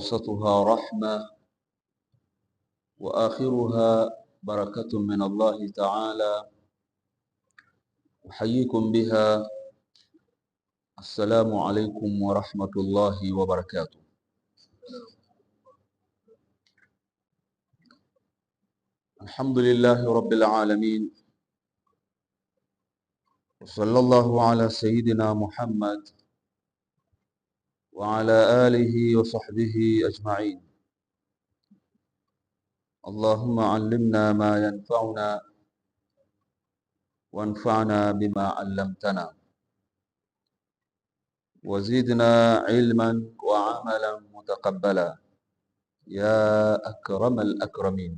أوسطها رحمة وآخرها بركة من الله تعالى أحييكم بها السلام عليكم ورحمة الله وبركاته الحمد لله رب العالمين وصلى الله على سيدنا محمد وعلى آله وصحبه أجمعين اللهم علمنا ما ينفعنا وانفعنا بما علمتنا وزدنا علما وعملا متقبلا يا أكرم الأكرمين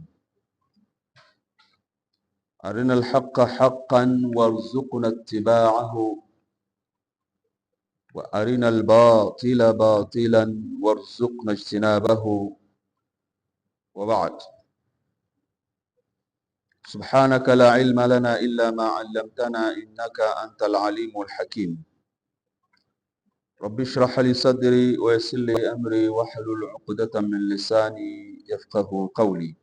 أرنا الحق حقا وارزقنا اتباعه وارنا الباطل باطلا وارزقنا اجتنابه وبعد سبحانك لا علم لنا الا ما علمتنا انك انت العليم الحكيم رب اشرح لي صدري ويسر لي امري واحلل عقدة من لساني يفقه قولي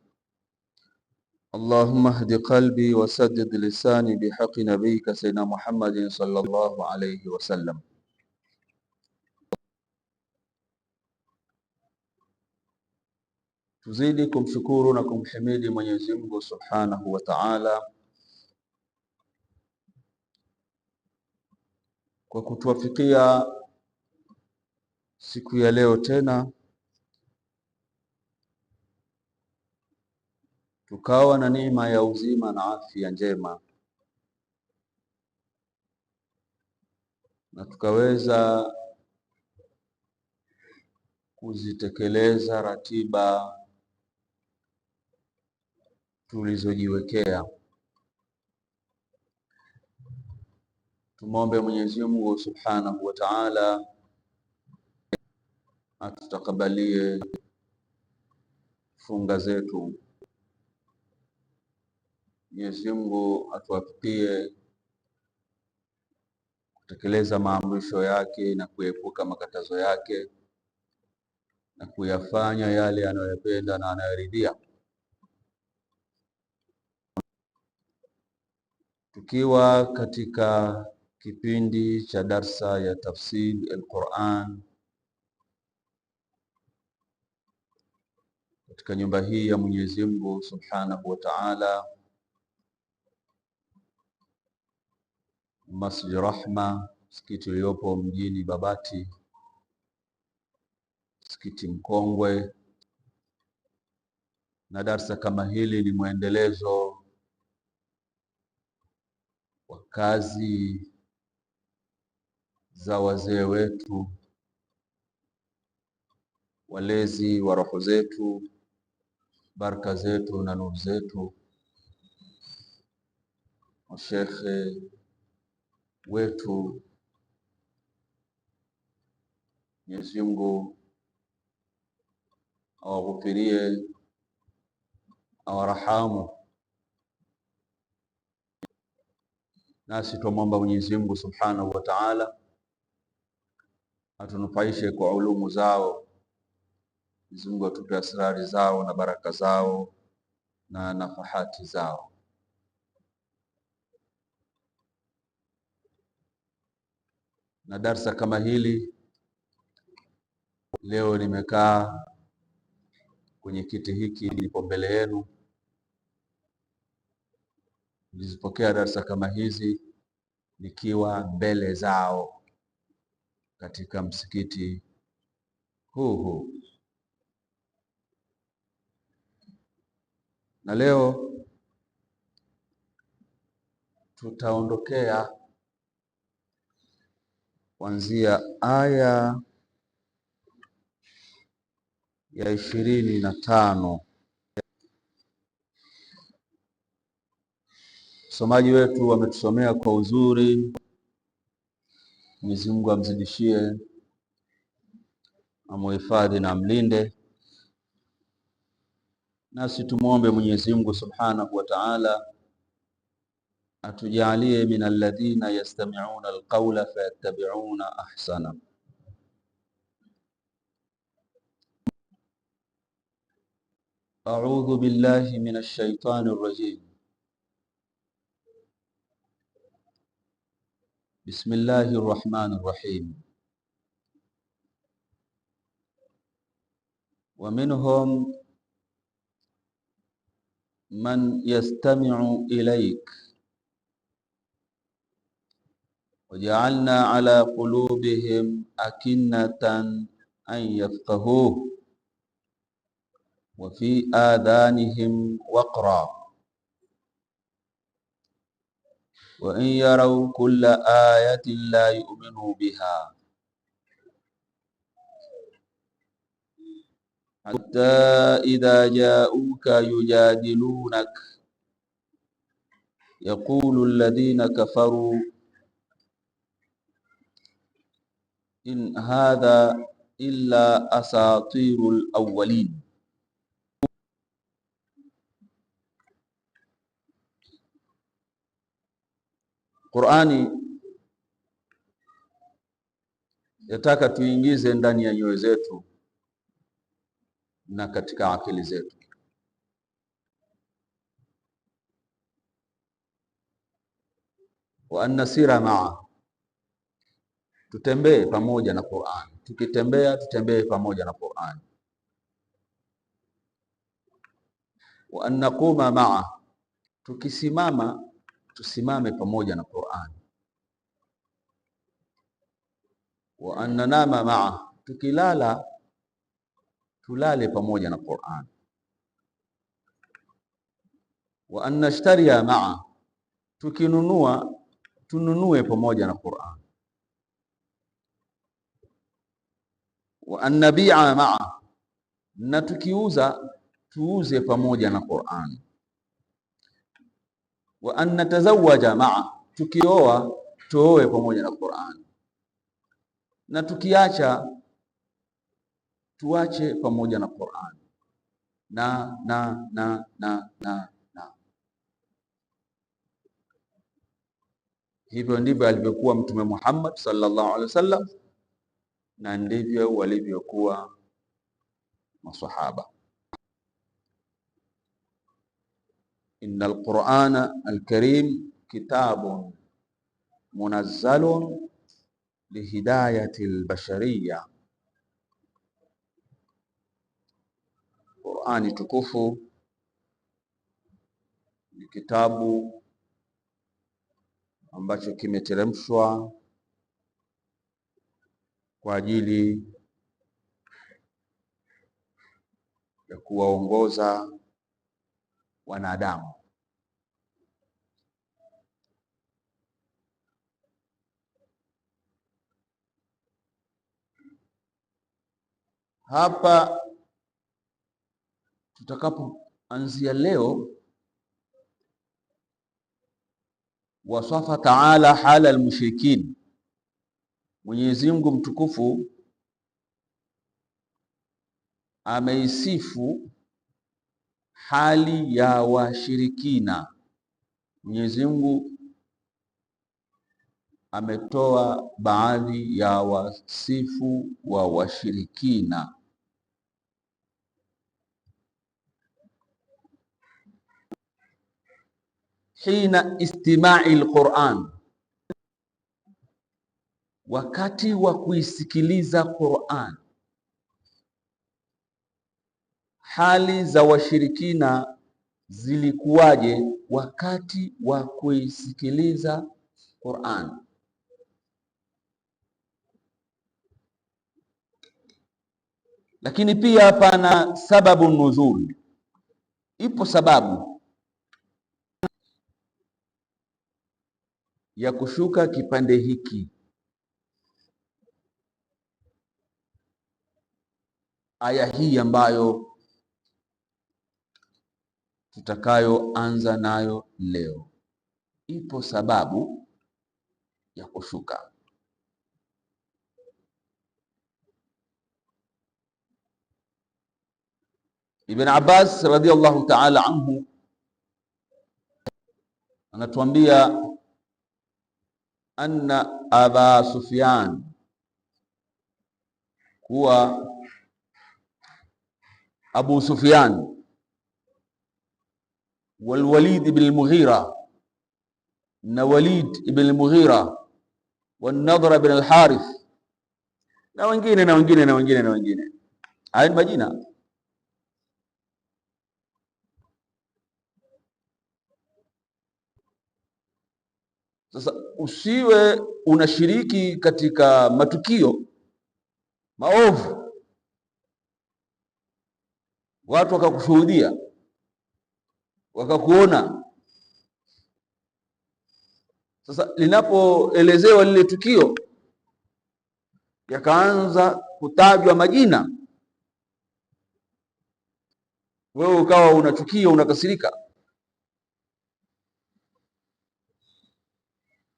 اللهم اهد قلبي وسدد لساني بحق نبيك سيدنا محمد صلى الله عليه وسلم Tuzidi kumshukuru na kumhimidi Mwenyezi Mungu Subhanahu wa Ta'ala kwa kutuwafikia siku ya leo tena tukawa na neema ya uzima na afya njema na tukaweza kuzitekeleza ratiba tulizojiwekea. Tumwombe Mwenyezi Mungu Subhanahu wa Ta'ala atutakabalie funga zetu. Mwenyezi Mungu atuwafikie kutekeleza maamrisho yake na kuepuka makatazo yake na kuyafanya yale anayoyapenda na anayoridhia. Tukiwa katika kipindi cha darsa ya tafsir al-Quran katika nyumba hii ya Mwenyezi Mungu Subhanahu wa Ta'ala, Masjid Rahma, msikiti uliopo mjini Babati, msikiti mkongwe, na darsa kama hili ni mwendelezo kazi za wazee wetu, walezi wa roho zetu, baraka zetu na nuru zetu, mashekhe wetu. Mwenyezi Mungu awaghufirie awarahamu nasi twamwomba Mwenyezi Mungu Subhanahu wa Ta'ala atunufaishe kwa ulumu zao. Mwenyezi Mungu atupe asrari zao na baraka zao na nafahati zao. Na darsa kama hili leo, nimekaa kwenye kiti hiki, nipo mbele yenu nilizipokea darasa kama hizi nikiwa mbele zao katika msikiti huu huu, na leo tutaondokea kuanzia aya ya ishirini na tano. Wasomaji wetu wametusomea kwa uzuri. Mwenyezi Mungu amzidishie, amuhifadhi na amlinde, nasi tumwombe Mwenyezi Mungu Subhanahu wa Ta'ala atujalie min alladhina yastami'una alqawla fayattabi'una ahsana. A'udhu billahi minash shaitani rrajim بسم الله الرحمن الرحيم ومنهم من يستمع إليك وجعلنا على قلوبهم أكنة أن يفقهوه وفي آذانهم وقرا وإن يروا كل آية لا يؤمنوا بها حتى إذا جاءوك يجادلونك يقول الذين كفروا إن هذا إلا أساطير الأولين Qur'ani yataka tuingize ndani ya nyoyo zetu na katika akili zetu. wa annasira maa, tutembee pamoja na Qur'ani. Tukitembea tutembee pamoja na Qur'ani. wa annaquma maa, tukisimama tusimame pamoja na Qur'an, wa annanama maa, tukilala tulale pamoja na Qur'an, wa annashtaria maa, tukinunua tununue pamoja na Qur'an, wa annabia maa, na tukiuza tuuze pamoja na qurani wa an natazawaja maa, tukioa tuoe pamoja na Qur'an, na tukiacha tuache pamoja na Qur'an na na na na na na. Hivyo ndivyo alivyokuwa Mtume Muhammad sallallahu alaihi wasallam na ndivyo walivyokuwa maswahaba. innal alqurana alkarim kitabun munazzalun lihidayati albashariya, Qur'ani tukufu ni kitabu ambacho kimeteremshwa kwa ajili ya kuwaongoza wanadamu. Hapa tutakapoanzia leo, wasafa taala hala almushrikin, Mwenyezi Mungu mtukufu ameisifu hali ya washirikina. Mwenyezi Mungu ametoa baadhi ya wasifu wa washirikina. Hina istimai lquran, wakati wa kuisikiliza Quran hali za washirikina zilikuwaje wakati wa kuisikiliza Qur'an? Lakini pia pana sababu nuzul, ipo sababu ya kushuka kipande hiki aya hii ambayo tutakayoanza nayo leo. Ipo sababu ya kushuka. Ibn Abbas radhiallahu ta'ala anhu anatuambia anna Aba Sufyan, kuwa Abu Sufyan walwalid ibn mughira na Walid ibn mughira wanadhara ibn al-Harith na wengine na wengine na wengine na wengine. Haya ni majina Sasa usiwe unashiriki katika matukio maovu, watu wakakushuhudia wakakuona. Sasa linapoelezewa lile tukio, yakaanza kutajwa majina, wewe ukawa unachukia, unakasirika.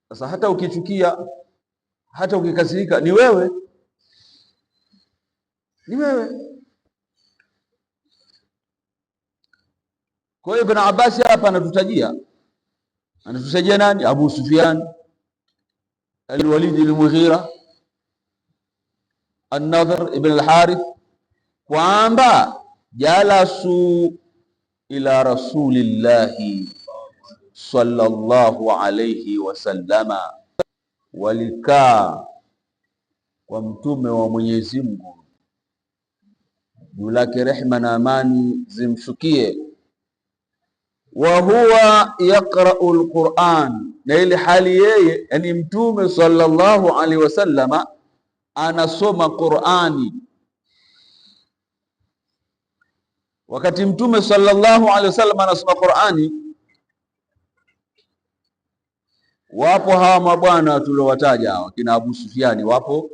Sasa hata ukichukia, hata ukikasirika, ni wewe, ni wewe Kwa hiyo Ibn abasi hapa anatutajia, anatutajia nani? Abu Sufyan, Al-Walid al-Mughira, An-Nadhr ibn al-Harith, kwamba jalasu ila rasulillahi sallallahu alayhi wasallama, walikaa kwa mtume wa Mwenyezi Mungu juu lake rehma na amani zimshukie wa huwa yaqra'u alquran, na ile hali yeye yani Mtume sallallahu alaihi wasallama anasoma Qurani. Wakati Mtume sallallahu alaihi wasallam anasoma Qurani, wapo hawa mabwana tuliowataja hawa kina Abu Sufyani, wapo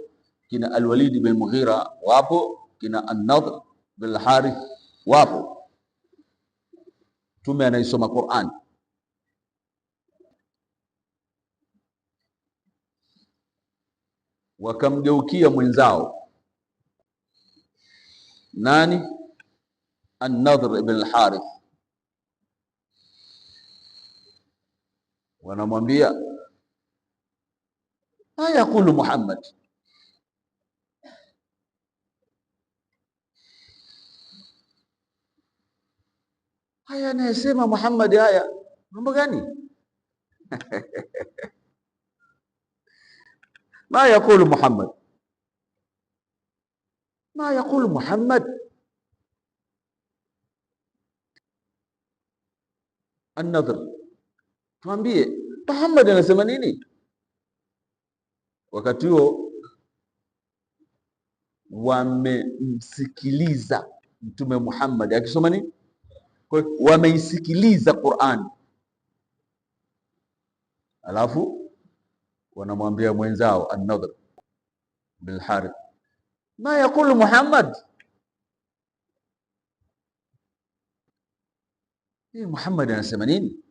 kina Alwalidi bin Mughira, wapo kina An-Nadr bin Harith, wapo Mtume anaisoma Qur'an. Wakamgeukia mwenzao nani? An-Nadhr ibn al-Harith, wanamwambia ayaqulu Muhammad haya anayesema Muhammad haya mambo gani? ma yaqulu Muhammad, ma yaqulu Muhammad. An-nadhir, tuambie Muhammad anasema nini? Wakati huo wamemsikiliza Mtume Muhammad akisoma nini kwa hiyo wameisikiliza Qur'an, alafu wanamwambia mwenzao an-Nadr bil Harith, ma yaqulu Muhammad, hii Muhammad anasema nini?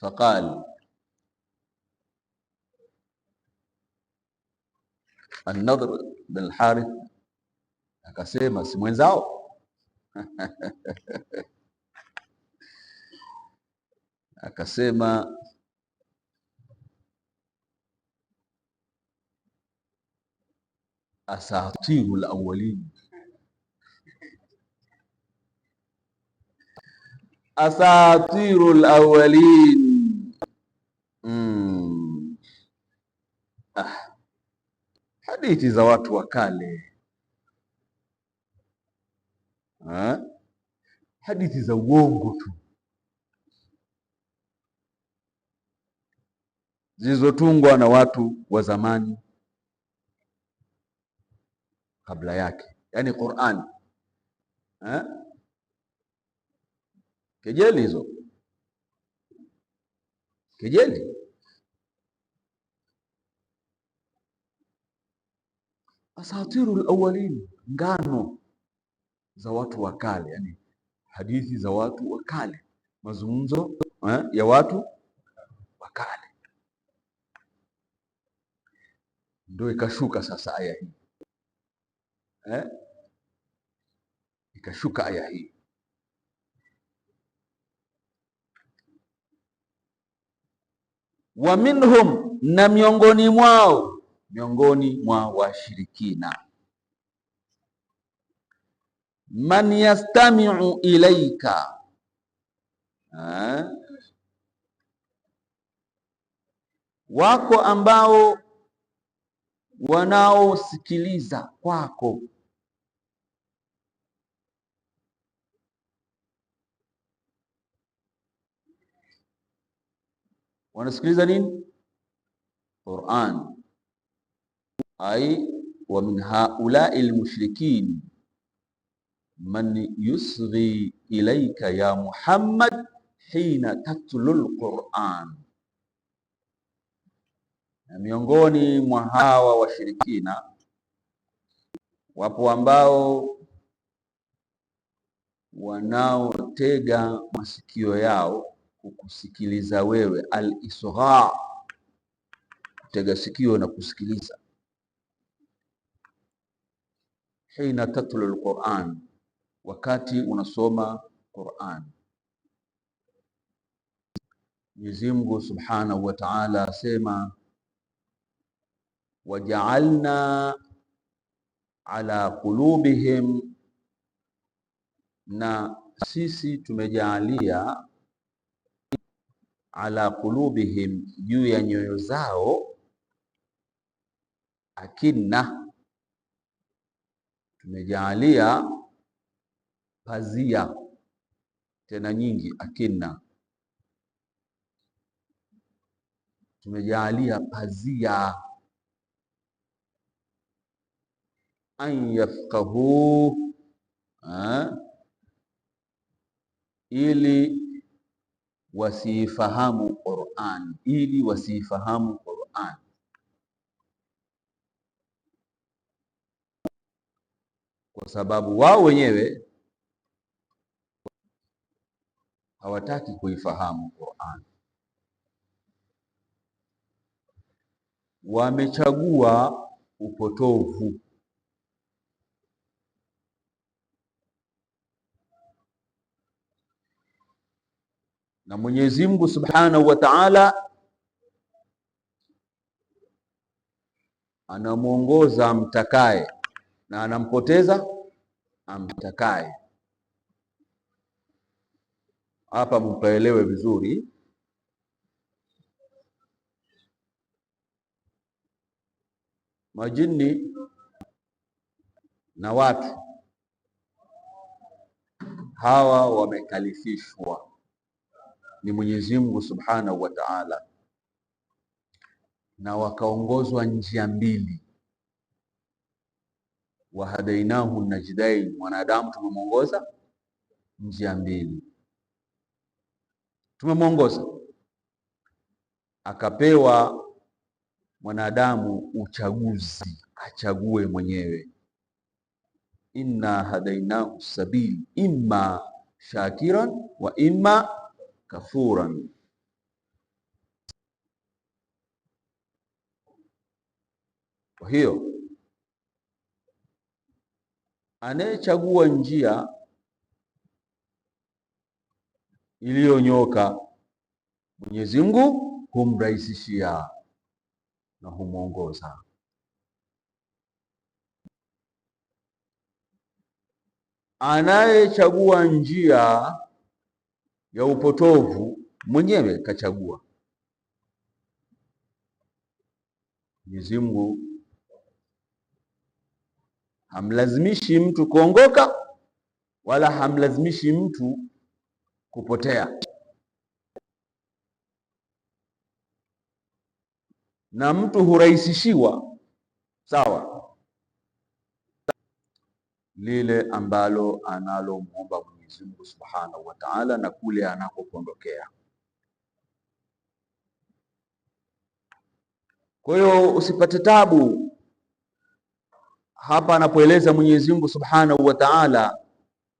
faqal An-Nadhr bin Harith akasema si mwenzao akasema asatiru lawalin asatiru lawalin mm. ah hadithi za watu wa kale ha? hadithi za uongo tu zilizotungwa na watu wa zamani kabla yake, yaani Qur'ani kejeli hizo, kejeli asatiru lawalin ngano za watu wa kale, yani hadithi za watu wa kale, mazungumzo eh, ya watu wa kale. Ndio ikashuka sasa aya hii eh? Ikashuka aya hii wa minhum, na miongoni mwao miongoni mwa washirikina. Man yastamiu ilaika ha? Eh, wako ambao wanaosikiliza kwako wanasikiliza nini? Qur'an ay wa min haulai lmushrikin man yusghi ilaika ya Muhammad hina tatlu lquran, na miongoni mwa hawa washirikina wapo ambao wanaotega masikio yao kukusikiliza wewe, al-isgha, kutega sikio na kusikiliza hina tatlu alquran, wakati unasoma Quran. Mwenyezi Mungu Subhanahu wa Ta'ala asema waja'alna ala qulubihim, na sisi tumejaalia ala qulubihim, juu ya nyoyo zao akinna tumejaalia pazia tena nyingi, akina tumejaalia pazia an yafqahu eh, ili wasifahamu Qur'an, ili wasiifahamu Qur'an. kwa sababu wao wenyewe hawataki kuifahamu Qur'an. Wamechagua upotovu. Na Mwenyezi Mungu Subhanahu wa Ta'ala anamwongoza mtakaye na anampoteza amtakaye. Hapa mpaelewe vizuri. Majini na watu hawa wamekalifishwa ni Mwenyezi Mungu Subhanahu wa Ta'ala, na wakaongozwa njia mbili wahadainahu najdain, mwanadamu tumemwongoza njia mbili, tumemwongoza akapewa mwanadamu uchaguzi, achague mwenyewe. Inna hadainahu sabili imma shakiran wa imma kafuran. Kwa hiyo Anayechagua njia iliyonyoka Mwenyezi Mungu humrahisishia na humwongoza. Anayechagua njia ya upotovu mwenyewe kachagua. Mwenyezi Mungu Hamlazimishi mtu kuongoka wala hamlazimishi mtu kupotea. Na mtu hurahisishiwa sawa lile ambalo analomwomba Mwenyezi Mungu Subhanahu wa Ta'ala na kule anakopondokea. Kwa hiyo usipate tabu hapa anapoeleza Mwenyezi Mungu Subhanahu wa Ta'ala,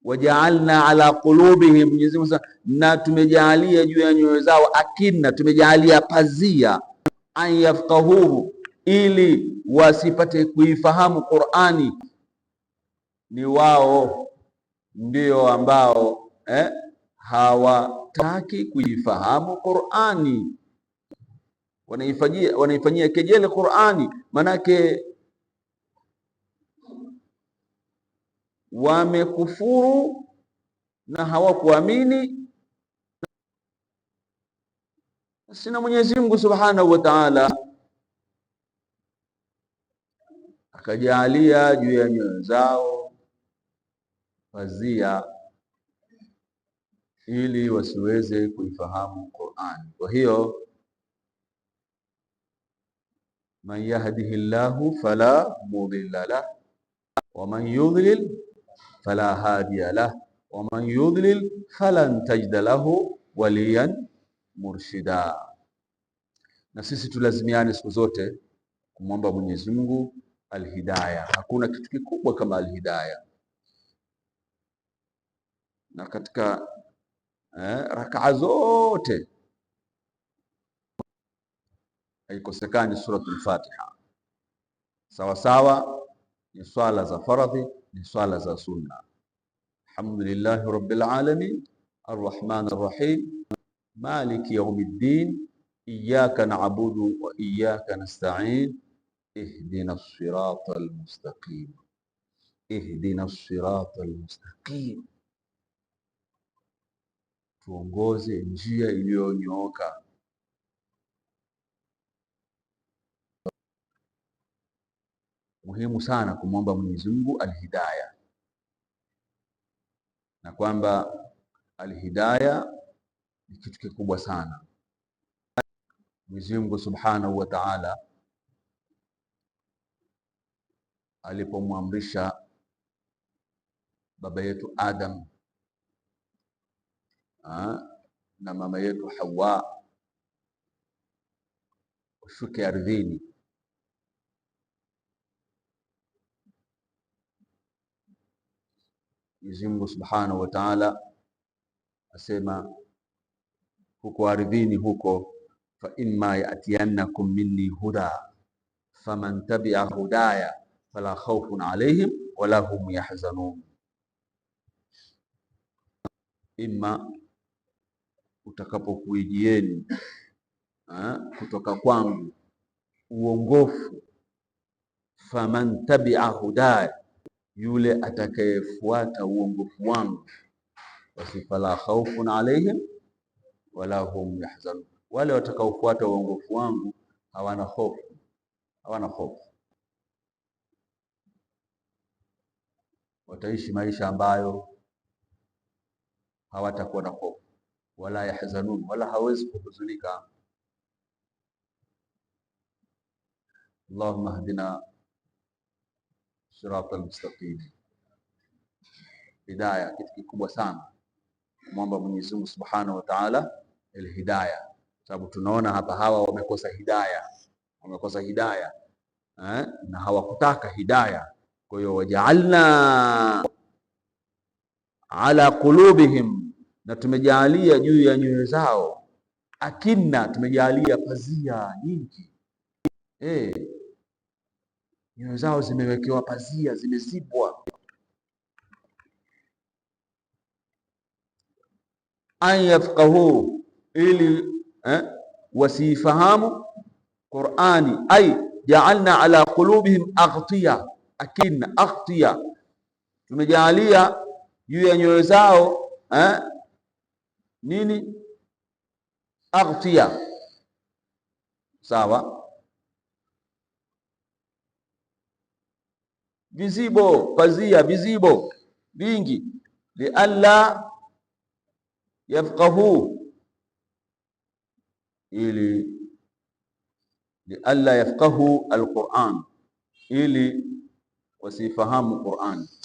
wajaalna ala qulubihim, Mwenyezi Mungu na tumejaalia juu ya nyoyo zao akina, tumejaalia pazia, an yafqahuhu, ili wasipate kuifahamu Qur'ani. Ni wao ndio ambao eh, hawataki kuifahamu Qur'ani, wanaifanyia wanaifanyia kejeli Qur'ani, manake wamekufuru na hawakuamini sina Mwenyezi Mungu Subhanahu wa Ta'ala akajaalia juu ya nyoyo zao pazia ili wasiweze kuifahamu Qur'an. Kwa hiyo man yahdihi llahu fala mudilla lah wa man yudlil fala hadiya lah wa man yudlil falan tajida lahu waliyan murshida. Na sisi tulazimiane siku zote kumwomba Mwenyezi Mungu alhidaya. Hakuna kitu kikubwa kama alhidaya. Na katika eh, rakaa zote haikosekani suratul Fatiha sawasawa, ni swala za faradhi ni swala za sunna. Alhamdulillahi rabbil alamin arrahmani rrahim maliki yaumiddin iyyaka na'budu wa iyyaka nasta'in ihdina sirata almustaqim ihdina sirata almustaqim, tuongoze njia iliyonyooka muhimu sana kumwomba Mwenyezi Mungu alhidaya, na kwamba alhidaya ni kitu kikubwa sana. Mwenyezi Mungu Subhanahu wa Ta'ala alipomwamrisha baba yetu Adam ha, ah, na mama yetu Hawa washuke ardhini Mwenyezi Mungu Subhanahu wa Ta'ala asema huko ardhini huko, fa imma yatiyannakum minni huda faman tabi'a hudaya fala khawfun alayhim wala hum yahzanun. Imma, utakapokuijieni kutoka kwangu uongofu, faman tabi'a hudaya yule atakayefuata uongofu wangu, fala khaufun alaihim wala hum yahzanun, wale watakaofuata uongofu wangu hawana hofu, hawana hofu, wataishi maisha ambayo hawatakuwa na hofu, wala yahzanun, wala hawezi kuhuzunika. Allahumma hdina siratal mustaqim. Hidaya, kitu kikubwa sana kumwomba Mwenyezi Mungu Subhanahu wa Ta'ala alhidaya, sababu tunaona hapa hawa wamekosa hidaya, wamekosa hidaya eh, na hawakutaka hidaya. Kwa hiyo wajaalna ala qulubihim, na tumejaalia juu ya nyoyo zao akina tumejaalia pazia nyingi eh Nyoyo zao zimewekewa pazia, zimezibwa. an yafqahu, ili eh, wasiifahamu Qur'ani. Ay ja'alna ala qulubihim aghtiya, akinna aghtiya, tumejaalia juu ya nyoyo zao eh, nini aghtiya, sawa vizibo, pazia, vizibo vingi, lialla yafqahu, ili lialla yafqahu alquran, ili wasifahamu Qurani.